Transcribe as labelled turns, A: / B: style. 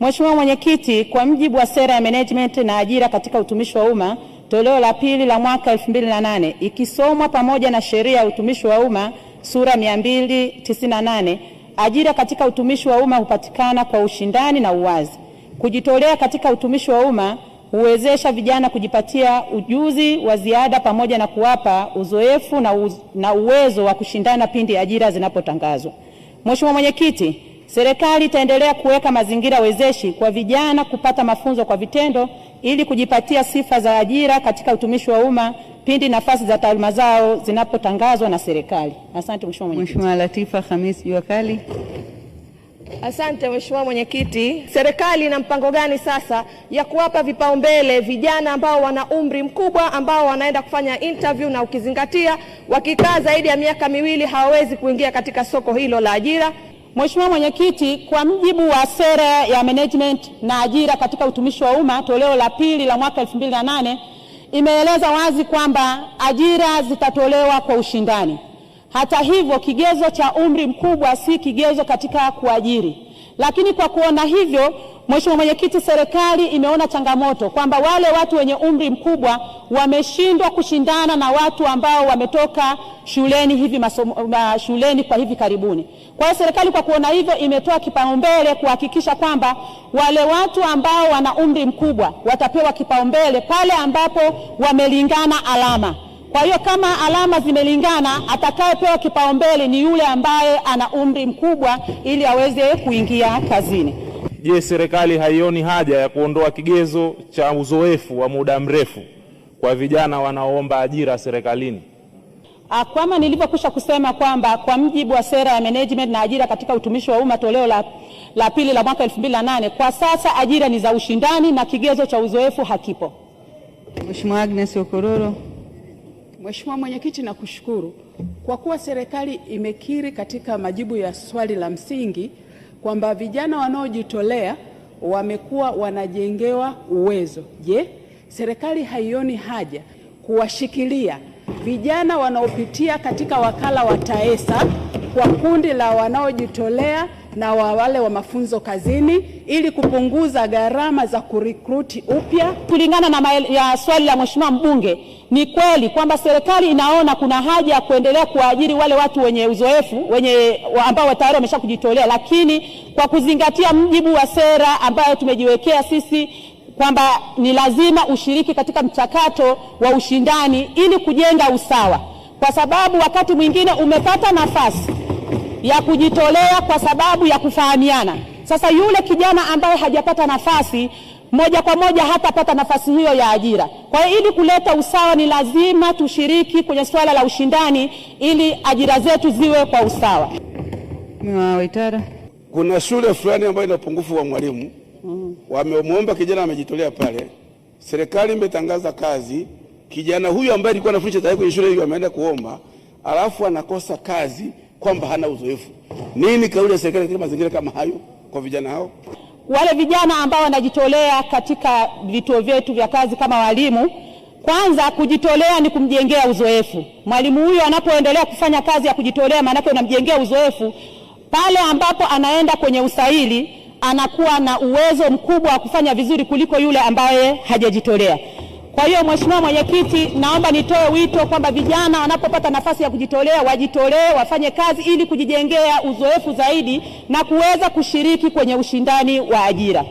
A: Mheshimiwa Mwenyekiti, kwa mjibu wa sera ya management na ajira katika utumishi wa umma toleo la pili la mwaka 2008 ikisomwa pamoja na sheria ya utumishi wa umma sura 298, ajira katika utumishi wa umma hupatikana kwa ushindani na uwazi. Kujitolea katika utumishi wa umma huwezesha vijana kujipatia ujuzi wa ziada pamoja na kuwapa uzoefu na, uz, na uwezo wa kushindana pindi ajira zinapotangazwa. Mheshimiwa Mwenyekiti, Serikali itaendelea kuweka mazingira wezeshi kwa vijana kupata mafunzo kwa vitendo ili kujipatia sifa za ajira katika utumishi wa umma pindi nafasi za taaluma zao zinapotangazwa na serikali. Asante Mheshimiwa Mwenyekiti. Mheshimiwa
B: Latifa Khamis Kali.
C: Asante Mheshimiwa Mwenyekiti. Serikali ina mpango gani sasa ya kuwapa vipaumbele vijana ambao wana umri mkubwa ambao wanaenda kufanya interview, na ukizingatia wakikaa zaidi ya miaka miwili hawawezi kuingia katika soko hilo la ajira?
A: Mheshimiwa Mwenyekiti, kwa mjibu wa sera ya management na ajira katika utumishi wa umma toleo la pili la mwaka 2008 imeeleza wazi kwamba ajira zitatolewa kwa ushindani. Hata hivyo, kigezo cha umri mkubwa si kigezo katika kuajiri, lakini kwa kuona hivyo Mheshimiwa Mwenyekiti, serikali imeona changamoto kwamba wale watu wenye umri mkubwa wameshindwa kushindana na watu ambao wametoka shuleni hivi masomo, shuleni kwa hivi karibuni. Kwa hiyo serikali kwa kuona hivyo imetoa kipaumbele kuhakikisha kwamba wale watu ambao wana umri mkubwa watapewa kipaumbele pale ambapo wamelingana alama. Kwa hiyo kama alama zimelingana, atakayepewa kipaumbele ni yule ambaye ana umri mkubwa ili aweze kuingia kazini
D: je, serikali haioni haja ya kuondoa kigezo cha uzoefu wa muda mrefu kwa vijana wanaoomba ajira serikalini?
A: Ah, Kama nilivyokwisha kusema kwamba kwa mjibu wa sera ya management na ajira katika utumishi wa umma toleo la, la pili la mwaka 2008 kwa sasa ajira ni za ushindani na kigezo cha uzoefu hakipo.
B: Mheshimiwa Agnes Okororo.
E: Mheshimiwa Mwenyekiti, nakushukuru kwa kuwa serikali imekiri katika majibu ya swali la msingi kwamba vijana wanaojitolea wamekuwa wanajengewa uwezo. Je, serikali haioni haja kuwashikilia vijana wanaopitia katika wakala wa TAESA kwa kundi la wanaojitolea na wa wale wa mafunzo kazini ili kupunguza gharama za kurikruti upya.
A: Kulingana na ya swali la mheshimiwa mbunge, ni kweli kwamba serikali inaona kuna haja ya kuendelea kuwaajiri wale watu wenye uzoefu wenye ambao tayari wamesha kujitolea, lakini kwa kuzingatia mjibu wa sera ambayo tumejiwekea sisi kwamba ni lazima ushiriki katika mchakato wa ushindani ili kujenga usawa, kwa sababu wakati mwingine umepata nafasi ya kujitolea kwa sababu ya kufahamiana. Sasa yule kijana ambaye hajapata nafasi moja kwa moja hatapata nafasi hiyo ya ajira. Kwa hiyo ili kuleta usawa, ni lazima tushiriki kwenye suala la ushindani ili ajira zetu ziwe kwa usawa.
B: Waitara,
F: kuna shule fulani ambayo ina upungufu wa mwalimu mm. Wamemwomba kijana amejitolea pale, serikali imetangaza kazi. Kijana huyu ambaye alikuwa anafundisha tayari kwenye shule hiyo ameenda kuomba, alafu anakosa kazi kwamba hana uzoefu. Nini kauli ya serikali katika mazingira kama hayo kwa vijana hao?
A: Wale vijana ambao wanajitolea katika vituo vyetu vya kazi kama walimu, kwanza kujitolea ni kumjengea uzoefu. Mwalimu huyo anapoendelea kufanya kazi ya kujitolea, maanake unamjengea uzoefu. Pale ambapo anaenda kwenye usaili, anakuwa na uwezo mkubwa wa kufanya vizuri kuliko yule ambaye hajajitolea. Kwa hiyo Mheshimiwa Mwenyekiti, naomba nitoe wito kwamba vijana wanapopata nafasi ya kujitolea wajitolee, wafanye kazi ili kujijengea uzoefu zaidi na kuweza kushiriki kwenye ushindani wa ajira.